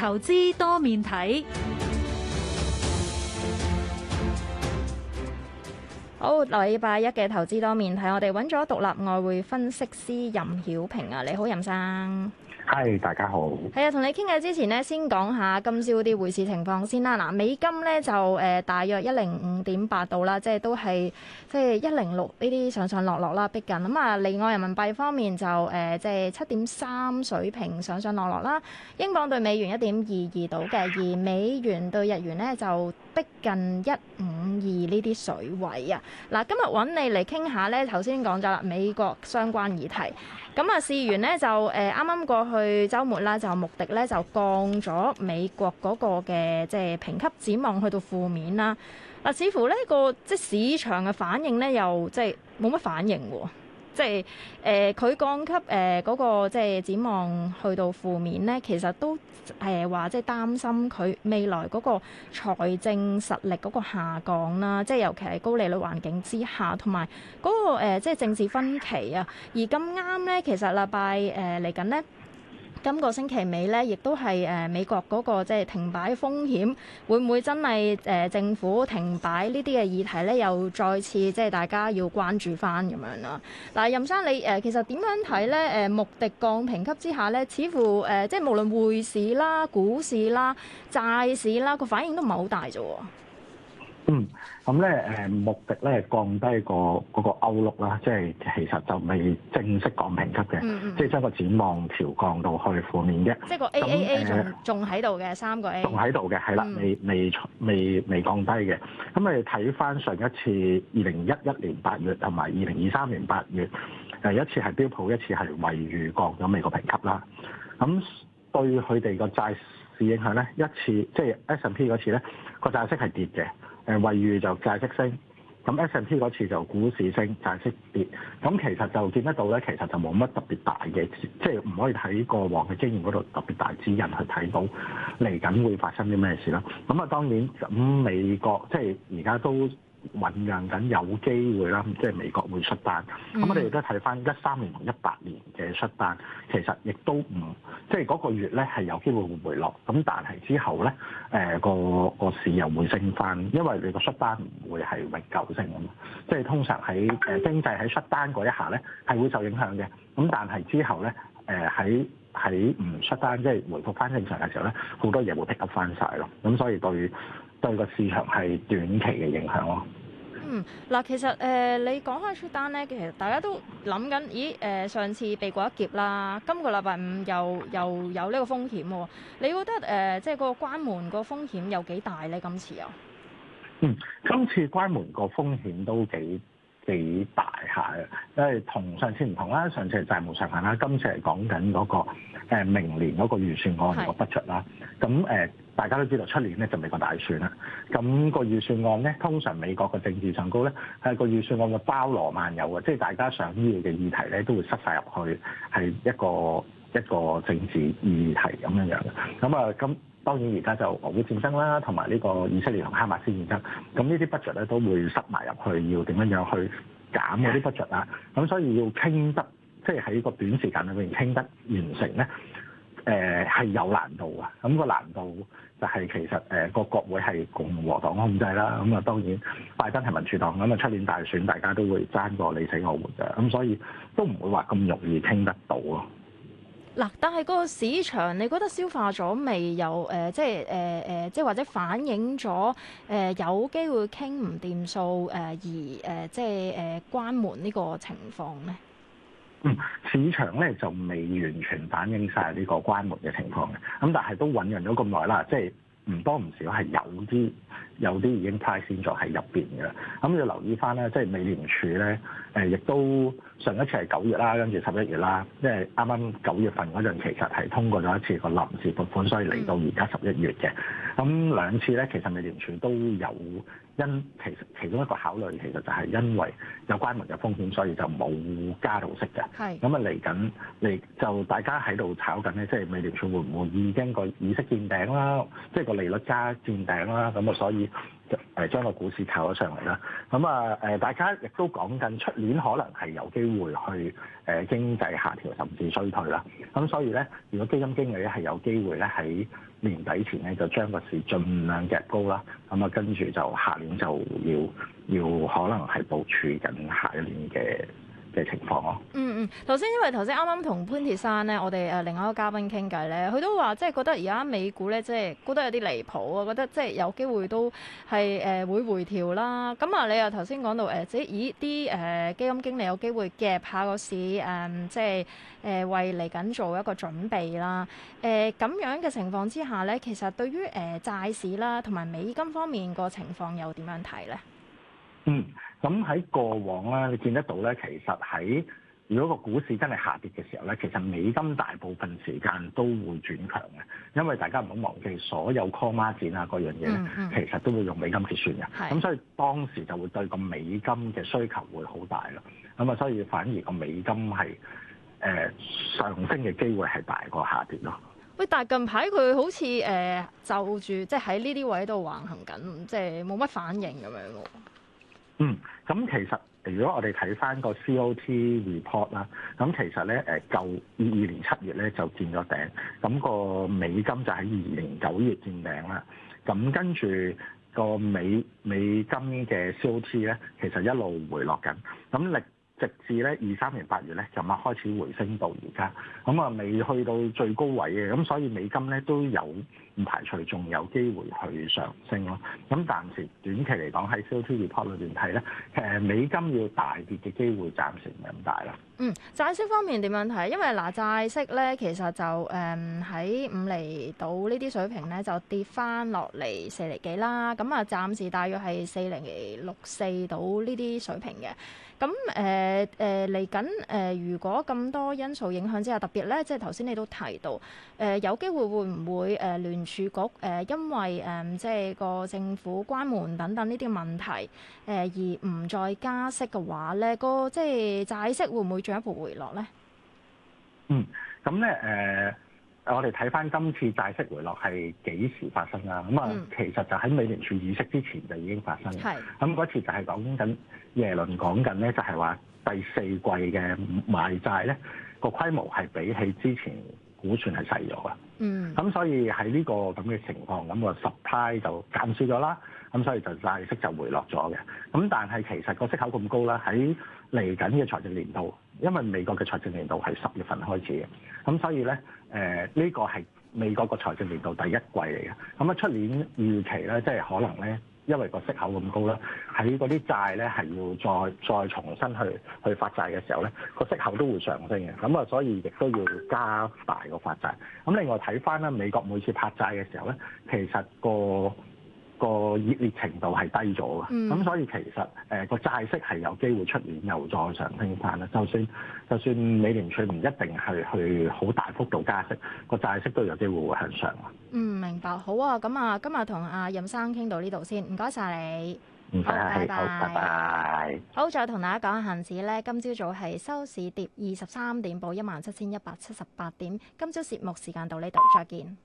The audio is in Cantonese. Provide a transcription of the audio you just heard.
投資多面睇。好，禮拜一嘅投資多面睇，我哋揾咗獨立外匯分析師任曉平啊，你好任生。Hi，大家好。係啊，同你傾偈之前呢，先講下今朝啲匯市情況先啦。嗱，美金呢，就誒、呃、大約一零五點八度啦，即係都係即係一零六呢啲上上落落啦，逼近。咁啊，離岸人民幣方面就誒即係七點三水平上上落落啦。英鎊對美元一點二二度嘅，而美元對日元呢，就逼近一五二呢啲水位啊。嗱，今日揾你嚟傾下咧，頭先講咗啦，美國相關議題。咁啊，事緣咧就誒，啱啱過去週末啦，就穆迪咧就降咗美國嗰個嘅即係評級展望去到負面啦。嗱，似乎呢個即係市場嘅反應咧，又即係冇乜反應喎。即係誒，佢、呃、降級誒嗰、呃那個即係展望去到負面咧，其實都誒話、呃、即係擔心佢未來嗰個財政實力嗰個下降啦，即係尤其係高利率環境之下，同埋嗰個、呃、即係政治分歧啊。而咁啱咧，其實禮拜誒嚟緊咧。今個星期尾呢，亦都係誒、呃、美國嗰、那個即係停擺風險，會唔會真係誒、呃、政府停擺呢啲嘅議題呢？又再次即係大家要關注翻咁樣啦。嗱，任生你誒、呃、其實點樣睇呢？誒穆迪降評級之下呢，似乎誒、呃、即係無論匯市啦、股市啦、債市啦，個反應都唔係好大啫喎。嗯，咁咧誒，目的咧降低個嗰個 outlook 啦，即係其實就未正式降評級嘅，嗯、即係將個展望調降到去負面嘅，即係個 A A A 仲仲喺度嘅三個 A，仲喺度嘅係啦，未未未未降低嘅。咁你睇翻上一次二零一一年八月同埋二零二三年八月誒，一次係標普，一次係惠譽降咗美國評級啦。咁對佢哋個債市影響咧，一次即係 S&P 嗰次咧，個債息係跌嘅。誒惠譽就債息升，咁 S&P 嗰次就股市升，債息跌，咁其實就見得到咧，其實就冇乜特別大嘅，即係唔可以喺過往嘅經驗嗰度特別大指引去睇到嚟緊會發生啲咩事啦。咁啊，當然咁美國即係而家都。醖釀緊有機會啦，即係美國會出單。咁我哋亦都睇翻一三年同一八年嘅出單，其實亦都唔即係嗰個月咧係有機會會回落。咁但係之後咧，誒、呃、個個市又會升翻，因為你個出單唔會係永久性。咁即係通常喺誒經濟喺出單嗰一下咧係會受影響嘅。咁但係之後咧，誒喺喺唔出單，即係回覆翻正常嘅時候咧，好多嘢會 pick up 翻曬咯。咁所以對。對個市場係短期嘅影響咯。嗯，嗱，其實誒、呃，你講開出單咧，其實大家都諗緊，咦誒、呃，上次避過一劫啦，今個禮拜五又又有呢個風險喎。你覺得誒，即、呃、係、就是、個關門個風險有幾大咧？今次啊？嗯，今次關門個風險都幾幾大。因為同上次唔同啦，上次係債務上限啦，今次係講緊嗰個明年嗰個預算案個 budget 啦。咁誒是、呃，大家都知道出年咧就美國大選啦。咁、那個預算案咧，通常美國個政治上高咧係個預算案嘅包羅萬有嘅，即、就、係、是、大家想要嘅議題咧都會塞晒入去，係一個一個政治議題咁樣樣嘅。咁啊，咁、呃、當然而家就俄烏戰爭啦，同埋呢個以色列同哈馬斯戰爭。咁呢啲 budget 咧都會塞埋入去，要點樣樣去？減嗰啲 budget 啊，咁所以要傾得即係喺個短時間裏邊傾得完成咧，誒、呃、係有難度啊。咁、嗯，那個難度就係其實誒個、呃、國會係共和黨控制啦，咁、嗯、啊當然拜登係民主黨，咁啊出年大選大家都會爭過你死我活嘅，咁、嗯、所以都唔會話咁容易傾得到咯。嗱，但係個市場你覺得消化咗未？有、呃、誒，即係誒誒，即係或者反映咗誒有機會傾唔掂數誒，而、呃、誒即係誒、呃呃、關門呢個情況咧？嗯，市場咧就未完全反映晒呢個關門嘅情況嘅。咁但係都醞釀咗咁耐啦，即係唔多唔少係有啲有啲已經 price in 咗喺入邊嘅啦。咁要留意翻咧，即係美聯儲咧誒，亦、呃、都。上一次係九月啦，跟住十一月啦，因為啱啱九月份嗰陣其實係通過咗一次個臨時撥款，所以嚟到而家十一月嘅。咁兩次咧，其實美聯儲都有因其實其中一個考慮，其實就係因為有關門嘅風險，所以就冇加到息嘅。係是。咁啊，嚟緊嚟就大家喺度炒緊咧，即、就、係、是、美聯儲會唔會已經個利息見頂啦，即係個利率加見頂啦，咁啊，所以。誒將個股市炒咗上嚟啦，咁啊，誒大家亦都講緊出年可能係有機會去誒經濟下調甚至衰退啦，咁所以咧，如果基金經理咧係有機會咧喺年底前咧就將個市儘量夾高啦，咁啊，跟住就下年就要要可能係部署緊下一年嘅。嘅情況咯，嗯嗯，頭先因為頭先啱啱同潘鐵山咧，我哋誒另外一個嘉賓傾偈咧，佢都話即係覺得而家美股咧，即係估得有啲離譜啊，覺得即係有機會都係誒會回調啦。咁啊，你又頭先講到誒、呃，即係以啲誒、呃、基金經理有機會夾下個市誒、呃，即係誒、呃、為嚟緊做一個準備啦。誒、呃、咁樣嘅情況之下咧，其實對於誒、呃、債市啦，同埋美金方面個情況又點樣睇咧？嗯。咁喺過往咧，你見得到咧，其實喺如果個股市真係下跌嘅時候咧，其實美金大部分時間都會轉強嘅，因為大家唔好忘記所有 comma 展啊嗰樣嘢、嗯、其實都會用美金結算嘅，咁是所以當時就會對個美金嘅需求會好大咯，咁啊，所以反而個美金係誒上升嘅機會係大過下跌咯。喂，但係近排佢好似誒、呃、就住即係喺呢啲位度橫行緊，即係冇乜反應咁樣喎。嗯，咁其實如果我哋睇翻個 COT report 啦，咁其實咧誒舊二二年七月咧就見咗頂，咁個美金就喺二零九月見頂啦，咁跟住個美美金嘅 COT 咧，其實一路回落緊，咁令。直至咧二三年八月咧就開始回升到而家，咁啊未去到最高位嘅，咁所以美金咧都有唔排除仲有機會去上升咯。咁暫時短期嚟講喺 COT report 裏邊睇咧，誒美金要大跌嘅機會暫時唔咁大啦。嗯，債息方面點樣睇？因為嗱，債、呃、息咧其實就誒喺五厘到呢啲水平咧，就跌翻落嚟四厘幾啦。咁、嗯、啊，暫時大約係四釐六四到呢啲水平嘅。咁誒誒嚟緊誒，如果咁多因素影響之下，特別咧，即係頭先你都提到誒、呃、有機會會唔會誒、呃、聯儲局誒、呃，因為誒、呃、即係個政府關門等等呢啲問題誒、呃、而唔再加息嘅話咧，個即係債息會唔會有一步回落咧？嗯，咁咧誒，我哋睇翻今次債息回落係幾時發生啦？咁啊、嗯，其實就喺美聯儲議息之前就已經發生嘅。咁嗰是次就係講緊耶倫講緊咧，就係話第四季嘅賣債咧個規模係比起之前估算係細咗嘅。嗯，咁所以喺呢個咁嘅情況，咁個十派就減少咗啦。咁所以就債息就回落咗嘅。咁但係其實個息口咁高啦，喺嚟緊嘅財政年度。因為美國嘅財政年度係十月份開始嘅，咁所以咧，誒呢個係美國個財政年度第一季嚟嘅。咁啊，出年預期咧，即係可能咧，因為個息口咁高啦，喺嗰啲債咧係要再再重新去去發債嘅時候咧，個息口都會上升嘅。咁啊，所以亦都要加大個發債。咁另外睇翻咧，美國每次拍債嘅時候咧，其實個個熱烈程度係低咗嘅，咁、嗯、所以其實誒個、呃、債息係有機會出現又再上升翻啦。就算就算美聯儲唔一定係去好大幅度加息，個債息都有機會,會向上。嗯，明白，好啊，咁啊，今日同阿任生傾到呢度先，唔該晒你，唔使客氣，拜拜，bye, 好再同大家講下恆指咧，今朝早係收市跌二十三點，報一萬七千一百七十八點。今朝節目時間到呢度，再見。